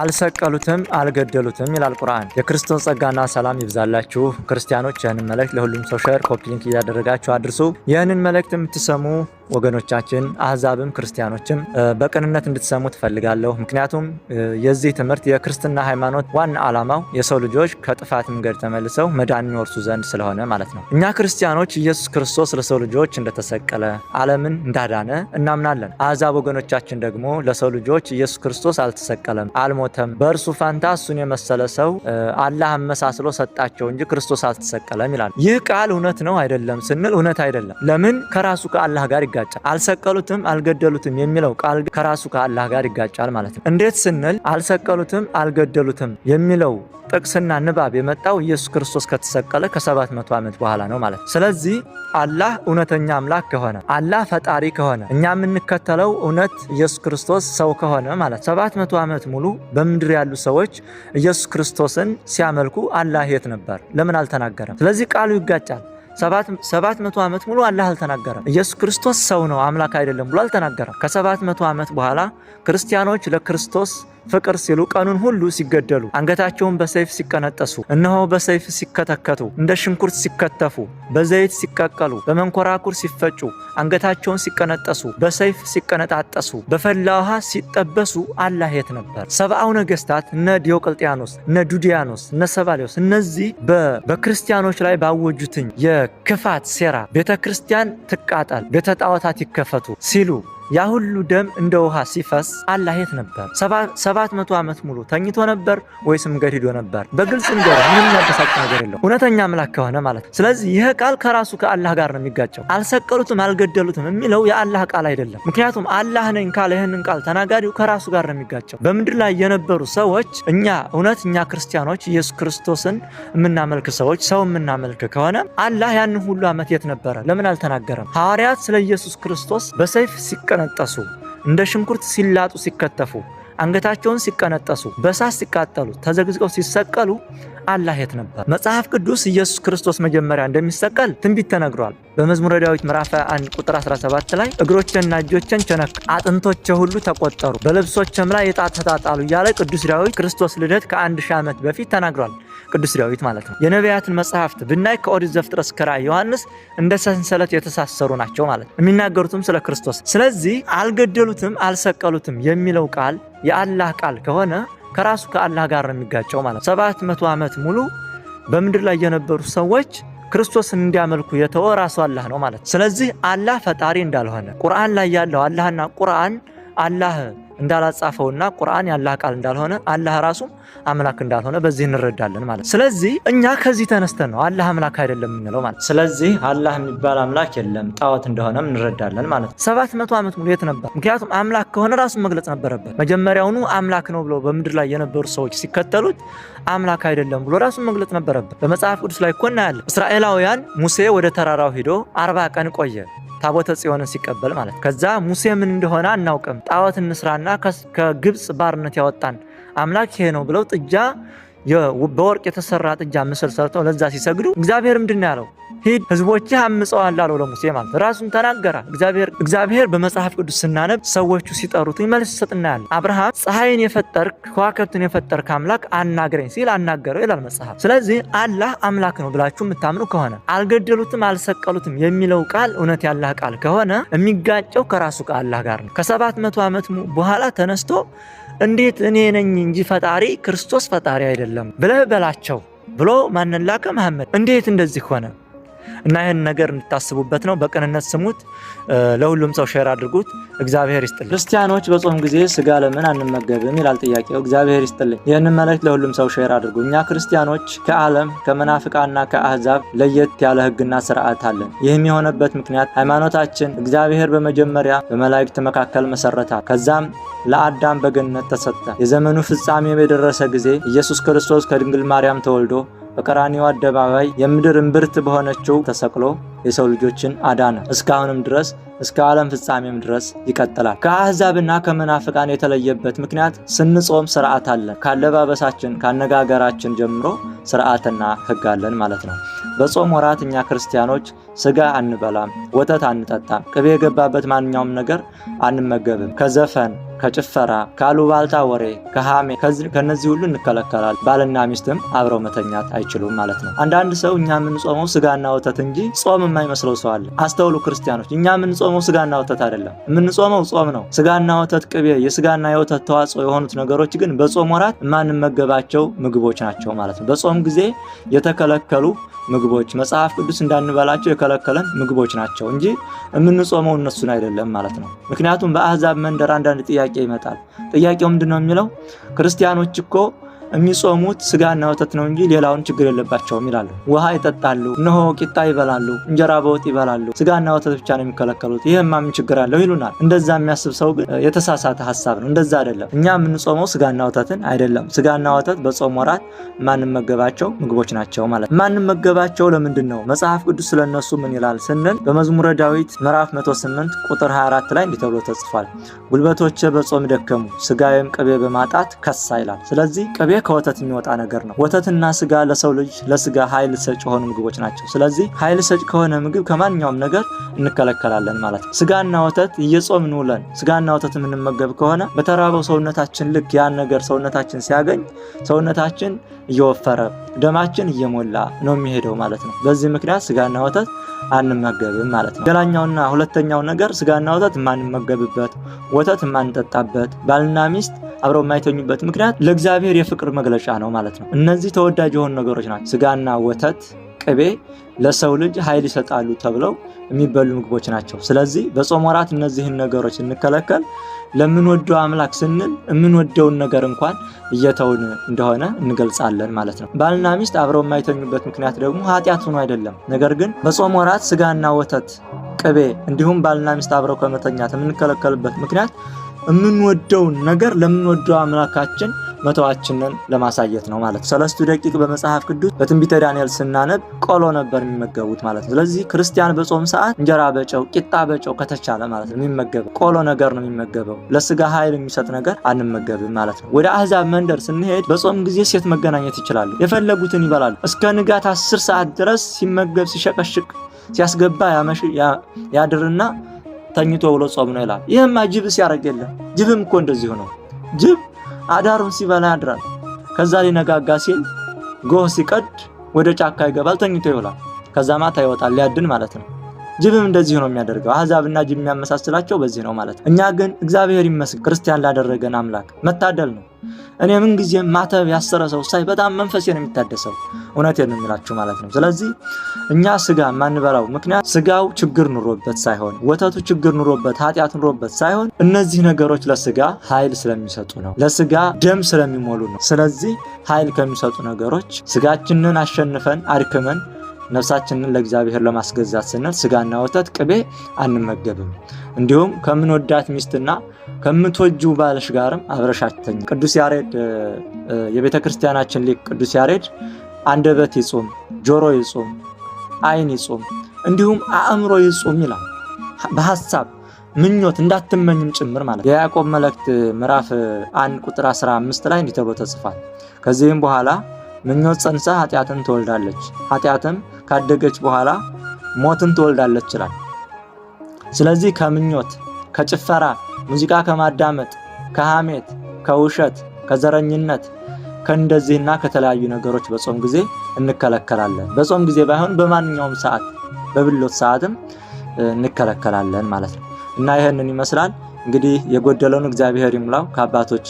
አልሰቀሉትም አልገደሉትም ይላል ቁርአን። የክርስቶስ ጸጋና ሰላም ይብዛላችሁ ክርስቲያኖች። ይህንን መልእክት ለሁሉም ሰው ሸር፣ ኮፒ ሊንክ እያደረጋችሁ አድርሱ። ይህንን መልእክት የምትሰሙ ወገኖቻችን አህዛብም ክርስቲያኖችም በቅንነት እንድትሰሙ ትፈልጋለሁ። ምክንያቱም የዚህ ትምህርት የክርስትና ሃይማኖት ዋና ዓላማው የሰው ልጆች ከጥፋት መንገድ ተመልሰው መዳን የሚወርሱ ዘንድ ስለሆነ ማለት ነው። እኛ ክርስቲያኖች ኢየሱስ ክርስቶስ ለሰው ልጆች እንደተሰቀለ ዓለምን እንዳዳነ እናምናለን። አህዛብ ወገኖቻችን ደግሞ ለሰው ልጆች ኢየሱስ ክርስቶስ አልተሰቀለም፣ አልሞተም፣ በእርሱ ፋንታ እሱን የመሰለ ሰው አላህ አመሳስሎ ሰጣቸው እንጂ ክርስቶስ አልተሰቀለም ይላል። ይህ ቃል እውነት ነው አይደለም ስንል እውነት አይደለም። ለምን ከራሱ ከአላህ ጋር ይጋ ይጋጫል። አልሰቀሉትም፣ አልገደሉትም የሚለው ቃል ከራሱ ከአላህ ጋር ይጋጫል ማለት ነው። እንዴት ስንል አልሰቀሉትም፣ አልገደሉትም የሚለው ጥቅስና ንባብ የመጣው ኢየሱስ ክርስቶስ ከተሰቀለ ከ700 ዓመት በኋላ ነው ማለት ነው። ስለዚህ አላህ እውነተኛ አምላክ ከሆነ አላህ ፈጣሪ ከሆነ እኛ የምንከተለው እውነት ኢየሱስ ክርስቶስ ሰው ከሆነ ማለት 700 ዓመት ሙሉ በምድር ያሉ ሰዎች ኢየሱስ ክርስቶስን ሲያመልኩ አላህ የት ነበር? ለምን አልተናገረም? ስለዚህ ቃሉ ይጋጫል። ሰባት መቶ ዓመት ሙሉ አላህ አልተናገረም። ኢየሱስ ክርስቶስ ሰው ነው አምላክ አይደለም ብሎ አልተናገረም። ከሰባት መቶ ዓመት በኋላ ክርስቲያኖች ለክርስቶስ ፍቅር ሲሉ ቀኑን ሁሉ ሲገደሉ፣ አንገታቸውን በሰይፍ ሲቀነጠሱ፣ እነሆ በሰይፍ ሲከተከቱ፣ እንደ ሽንኩርት ሲከተፉ፣ በዘይት ሲቀቀሉ፣ በመንኮራኩር ሲፈጩ፣ አንገታቸውን ሲቀነጠሱ፣ በሰይፍ ሲቀነጣጠሱ፣ በፈላ ውሃ ሲጠበሱ አላህ የት ነበር? ሰብአው ነገስታት እነ ዲዮቅልጥያኖስ፣ እነ ዱዲያኖስ፣ እነ ሰባሊዮስ እነዚህ በክርስቲያኖች ላይ ባወጁትኝ የክፋት ሴራ ቤተ ክርስቲያን ትቃጠል፣ ቤተ ጣዖታት ይከፈቱ ሲሉ ያ ሁሉ ደም እንደ ውሃ ሲፈስ አላህ የት ነበር? ሰባት መቶ ዓመት ሙሉ ተኝቶ ነበር ወይስ መንገድ ሂዶ ነበር? በግልጽ እንገር። ምንም ያበሳጭ ነገር የለው እውነተኛ አምላክ ከሆነ ማለት ነው። ስለዚህ ይህ ቃል ከራሱ ከአላህ ጋር ነው የሚጋጨው። አልሰቀሉትም፣ አልገደሉትም የሚለው የአላህ ቃል አይደለም። ምክንያቱም አላህ ነኝ ካለ ይህንን ቃል ተናጋሪው ከራሱ ጋር ነው የሚጋጨው። በምድር ላይ የነበሩ ሰዎች እኛ እውነት እኛ ክርስቲያኖች ኢየሱስ ክርስቶስን የምናመልክ ሰዎች ሰው የምናመልክ ከሆነ አላህ ያንን ሁሉ ዓመት የት ነበረ? ለምን አልተናገረም? ሐዋርያት ስለ ኢየሱስ ክርስቶስ በሰይፍ ሲቀ ሲቀነጠሱ፣ እንደ ሽንኩርት ሲላጡ ሲከተፉ፣ አንገታቸውን ሲቀነጠሱ፣ በሳት ሲቃጠሉ፣ ተዘግዝቀው ሲሰቀሉ አላህ የት ነበር? መጽሐፍ ቅዱስ ኢየሱስ ክርስቶስ መጀመሪያ እንደሚሰቀል ትንቢት ተነግሯል። በመዝሙረ ዳዊት ምዕራፍ 1 ቁጥር 17 ላይ እግሮችንና እጆችን ቸነክ አጥንቶቼ ሁሉ ተቆጠሩ በልብሶችም ላይ ዕጣ ተጣጣሉ እያለ ቅዱስ ዳዊት ክርስቶስ ልደት ከአንድ ሺህ ዓመት በፊት ተናግሯል። ቅዱስ ዳዊት ማለት ነው። የነቢያትን መጽሐፍት ብናይ ከኦሪት ዘፍጥረት እስከ ራዕየ ዮሐንስ እንደ ሰንሰለት የተሳሰሩ ናቸው ማለት ነው። የሚናገሩትም ስለ ክርስቶስ። ስለዚህ አልገደሉትም፣ አልሰቀሉትም የሚለው ቃል የአላህ ቃል ከሆነ ከራሱ ከአላህ ጋር ነው የሚጋጨው ማለት ነው። ሰባት መቶ ዓመት ሙሉ በምድር ላይ የነበሩ ሰዎች ክርስቶስን እንዲያመልኩ የተወ ራሱ አላህ ነው ማለት። ስለዚህ አላህ ፈጣሪ እንዳልሆነ ቁርአን ላይ ያለው አላህና ቁርአን አላህ እንዳላጻፈውና ቁርአን ያላህ ቃል እንዳልሆነ አላህ ራሱም አምላክ እንዳልሆነ በዚህ እንረዳለን ማለት ስለዚህ እኛ ከዚህ ተነስተን ነው አላህ አምላክ አይደለም የምንለው ማለት። ስለዚህ አላህ የሚባል አምላክ የለም ጣዖት እንደሆነም እንረዳለን ማለት ሰባት መቶ ዓመት ሙሉ የት ነበር? ምክንያቱም አምላክ ከሆነ ራሱን መግለጽ ነበረበት። መጀመሪያውኑ አምላክ ነው ብሎ በምድር ላይ የነበሩ ሰዎች ሲከተሉት አምላክ አይደለም ብሎ ራሱን መግለጽ ነበረበት። በመጽሐፍ ቅዱስ ላይ እኮ እናያለን። እስራኤላውያን ሙሴ ወደ ተራራው ሂዶ አርባ ቀን ቆየ ታቦተ ጽዮንን ሲቀበል ማለት ከዛ ሙሴ ምን እንደሆነ አናውቅም። ጣዖት እንስራና ከግብፅ ባርነት ያወጣን አምላክ ይሄ ነው ብለው ጥጃ በወርቅ የተሰራ ጥጃ ምስል ሰርተው ለዛ ሲሰግዱ እግዚአብሔር ምንድን ያለው? ሂድ ህዝቦች አምፀዋል አለው ለሙሴ ማለት ራሱን ተናገረ። እግዚአብሔር በመጽሐፍ ቅዱስ ስናነብ ሰዎቹ ሲጠሩት መልስ ይሰጥ ያለ አብርሃም ፀሐይን የፈጠርክ ከዋክብትን የፈጠርክ አምላክ አናግረኝ ሲል አናገረው ይላል መጽሐፍ። ስለዚህ አላህ አምላክ ነው ብላችሁ የምታምኑ ከሆነ አልገደሉትም፣ አልሰቀሉትም የሚለው ቃል እውነት ያላህ ቃል ከሆነ የሚጋጨው ከራሱ ከአላህ ጋር ነው። ከሰባት መቶ ዓመት በኋላ ተነስቶ እንዴት እኔ ነኝ እንጂ ፈጣሪ ክርስቶስ ፈጣሪ አይደለም ብለህ በላቸው ብሎ ማንላከ መሐመድ እንዴት እንደዚህ ሆነ? እና ይህን ነገር እንድታስቡበት ነው። በቅንነት ስሙት፣ ለሁሉም ሰው ሼር አድርጉት። እግዚአብሔር ይስጥልኝ። ክርስቲያኖች በጾም ጊዜ ስጋ ለምን አንመገብም ይላል ጥያቄው። እግዚአብሔር ይስጥልኝ። ይህንን መልእክት ለሁሉም ሰው ሼር አድርጉ። እኛ ክርስቲያኖች ከዓለም ከመናፍቃና ከአህዛብ ለየት ያለ ህግና ስርዓት አለን። ይህም የሆነበት ምክንያት ሃይማኖታችን እግዚአብሔር በመጀመሪያ በመላእክት መካከል መሰረታል። ከዛም ለአዳም በገነት ተሰጠ። የዘመኑ ፍጻሜ የደረሰ ጊዜ ኢየሱስ ክርስቶስ ከድንግል ማርያም ተወልዶ በቀራኒው አደባባይ የምድር እምብርት በሆነችው ተሰቅሎ የሰው ልጆችን አዳነ። እስካሁንም ድረስ እስከ ዓለም ፍጻሜም ድረስ ይቀጥላል። ከአሕዛብና ከመናፍቃን የተለየበት ምክንያት ስንጾም ስርዓት አለን። ካለባበሳችን፣ ካነጋገራችን ጀምሮ ስርዓትና ሕግ አለን ማለት ነው። በጾም ወራት እኛ ክርስቲያኖች ስጋ አንበላም፣ ወተት አንጠጣም፣ ቅቤ የገባበት ማንኛውም ነገር አንመገብም። ከዘፈን ከጭፈራ፣ ከአሉባልታ ወሬ፣ ከሃሜ ከነዚህ ሁሉ እንከለከላል። ባልና ሚስትም አብረው መተኛት አይችሉም ማለት ነው። አንዳንድ ሰው እኛ የምንጾመው ስጋና ወተት እንጂ ጾም የማይመስለው ሰው አለ። አስተውሉ ክርስቲያኖች፣ እኛ የምንጾመው ስጋና ወተት አይደለም። የምንጾመው ጾም ነው። ስጋና ወተት ቅቤ፣ የስጋና የወተት ተዋጽኦ የሆኑት ነገሮች ግን በጾም ወራት የማንመገባቸው ምግቦች ናቸው ማለት ነው። በጾም ጊዜ የተከለከሉ ምግቦች መጽሐፍ ቅዱስ እንዳንበላቸው የከለከለን ምግቦች ናቸው እንጂ የምንጾመው እነሱን አይደለም ማለት ነው። ምክንያቱም በአህዛብ መንደር አንዳንድ ጥያቄ ጥያቄ ይመጣል። ጥያቄው ምንድን ነው የሚለው ክርስቲያኖች እኮ የሚጾሙት ስጋና ወተት ነው እንጂ ሌላውን ችግር የለባቸውም ይላሉ። ውሃ ይጠጣሉ፣ እነሆ ቂጣ ይበላሉ፣ እንጀራ በወጥ ይበላሉ፣ ስጋና ወተት ብቻ ነው የሚከለከሉት። ይህማ ምን ችግር አለው ይሉናል። እንደዛ የሚያስብ ሰው የተሳሳተ ሀሳብ ነው። እንደዛ አይደለም። እኛ የምንጾመው ስጋና ወተትን አይደለም። ስጋና ወተት በጾም ወራት ማንመገባቸው ምግቦች ናቸው ማለት ነው። ማንመገባቸው ለምንድን ነው? መጽሐፍ ቅዱስ ስለነሱ ምን ይላል ስንል በመዝሙረ ዳዊት ምዕራፍ 108 ቁጥር 24 ላይ እንዲህ ተብሎ ተጽፏል። ጉልበቶቼ በጾም ደከሙ፣ ስጋዬም ቅቤ በማጣት ከሳ ይላል። ስለዚህ ቅቤ ይህ ከወተት የሚወጣ ነገር ነው። ወተትና ስጋ ለሰው ልጅ ለስጋ ኃይል ሰጭ የሆኑ ምግቦች ናቸው። ስለዚህ ኃይል ሰጭ ከሆነ ምግብ ከማንኛውም ነገር እንከለከላለን ማለት ነው። ስጋና ወተት እየጾምን ውለን ስጋና ወተት የምንመገብ ከሆነ በተራበው ሰውነታችን ልክ ያን ነገር ሰውነታችን ሲያገኝ ሰውነታችን እየወፈረ ደማችን እየሞላ ነው የሚሄደው ማለት ነው። በዚህ ምክንያት ስጋና ወተት አንመገብም ማለት ነው። ሌላኛውና ሁለተኛው ነገር ስጋና ወተት የማንመገብበት፣ ወተት የማንጠጣበት፣ ባልና ሚስት አብረው የማይተኙበት ምክንያት ለእግዚአብሔር የፍቅር መግለጫ ነው ማለት ነው። እነዚህ ተወዳጅ የሆኑ ነገሮች ናቸው፣ ስጋና ወተት ቅቤ ለሰው ልጅ ኃይል ይሰጣሉ ተብለው የሚበሉ ምግቦች ናቸው። ስለዚህ በጾም ወራት እነዚህን ነገሮች እንከለከል። ለምንወደው አምላክ ስንል የምንወደውን ነገር እንኳን እየተውን እንደሆነ እንገልጻለን ማለት ነው። ባልና ሚስት አብረው የማይተኙበት ምክንያት ደግሞ ኃጢአት ሆኖ አይደለም። ነገር ግን በጾም ወራት ስጋና ወተት፣ ቅቤ እንዲሁም ባልና ሚስት አብረው ከመተኛት የምንከለከልበት ምክንያት የምንወደውን ነገር ለምንወደው አምላካችን መተዋችንን ለማሳየት ነው ማለት ነው። ሰለስቱ ደቂቅ በመጽሐፍ ቅዱስ በትንቢተ ዳንኤል ስናነብ ቆሎ ነበር የሚመገቡት ማለት ነው። ስለዚህ ክርስቲያን በጾም ሰዓት እንጀራ በጨው ቂጣ በጨው ከተቻለ ማለት ነው የሚመገበው ቆሎ ነገር ነው የሚመገበው። ለስጋ ኃይል የሚሰጥ ነገር አንመገብም ማለት ነው። ወደ አህዛብ መንደር ስንሄድ በጾም ጊዜ ሴት መገናኘት ይችላሉ። የፈለጉትን ይበላሉ። እስከ ንጋት አስር ሰዓት ድረስ ሲመገብ ሲሸቀሽቅ ሲያስገባ ያድርና ተኝቶ ብሎ ጾም ነው ይላል። ይህማ ጅብ ሲያደርግ የለም። ጅብም እኮ እንደዚሁ ነው። ጅብ አዳሩን ሲበላ ያድራል። ከዛ ሊነጋጋ ሲል ጎህ ሲቀድ ወደ ጫካ ይገባል፣ ተኝቶ ይውላል። ከዛ ማታ ይወጣል ሊያድን ማለት ነው። ጅብም እንደዚህ ነው የሚያደርገው። አህዛብና ጅብ የሚያመሳስላቸው በዚህ ነው ማለት ነው። እኛ ግን እግዚአብሔር ይመስገን ክርስቲያን ላደረገን አምላክ መታደል ነው። እኔ ምን ማተብ ያሰረ ሰው ሳይ በጣም መንፈሴ ነው የሚታደሰው። እውነት ነው የሚላችሁ ማለት ነው። ስለዚህ እኛ ስጋ የማንበላው ምክንያት ስጋው ችግር ኑሮበት ሳይሆን ወተቱ ችግር ኑሮበት ኃጢአት ኑሮበት ሳይሆን እነዚህ ነገሮች ለስጋ ኃይል ስለሚሰጡ ነው። ለስጋ ደም ስለሚሞሉ ነው። ስለዚህ ኃይል ከሚሰጡ ነገሮች ስጋችንን አሸንፈን አድክመን ነፍሳችንን ለእግዚአብሔር ለማስገዛት ስንል ስጋና ወተት ቅቤ አንመገብም። እንዲሁም ከምንወዳት ሚስትና ከምትወጁ ባልሽ ጋርም አብረሻተኝ። ቅዱስ ያሬድ የቤተ ክርስቲያናችን ሊቅ ቅዱስ ያሬድ አንደበት ይጹም፣ ጆሮ ይጹም፣ ዓይን ይጹም እንዲሁም አእምሮ ይጹም ይላል። በሀሳብ ምኞት እንዳትመኝም ጭምር ማለት የያዕቆብ መልእክት ምዕራፍ 1 ቁጥር 15 ላይ እንዲህ ተብሎ ተጽፏል። ከዚህም በኋላ ምኞት ጸንሳ ኃጢአትን ትወልዳለች፣ ኃጢአትም ካደገች በኋላ ሞትን ትወልዳለች ይላል። ስለዚህ ከምኞት፣ ከጭፈራ፣ ሙዚቃ ከማዳመጥ፣ ከሐሜት፣ ከውሸት፣ ከዘረኝነት ከእንደዚህና ከተለያዩ ነገሮች በጾም ጊዜ እንከለከላለን። በጾም ጊዜ ባይሆን በማንኛውም ሰዓት በብሎት ሰዓትም እንከለከላለን ማለት ነው እና ይህንን ይመስላል። እንግዲህ የጎደለውን እግዚአብሔር ይሙላው ከአባቶች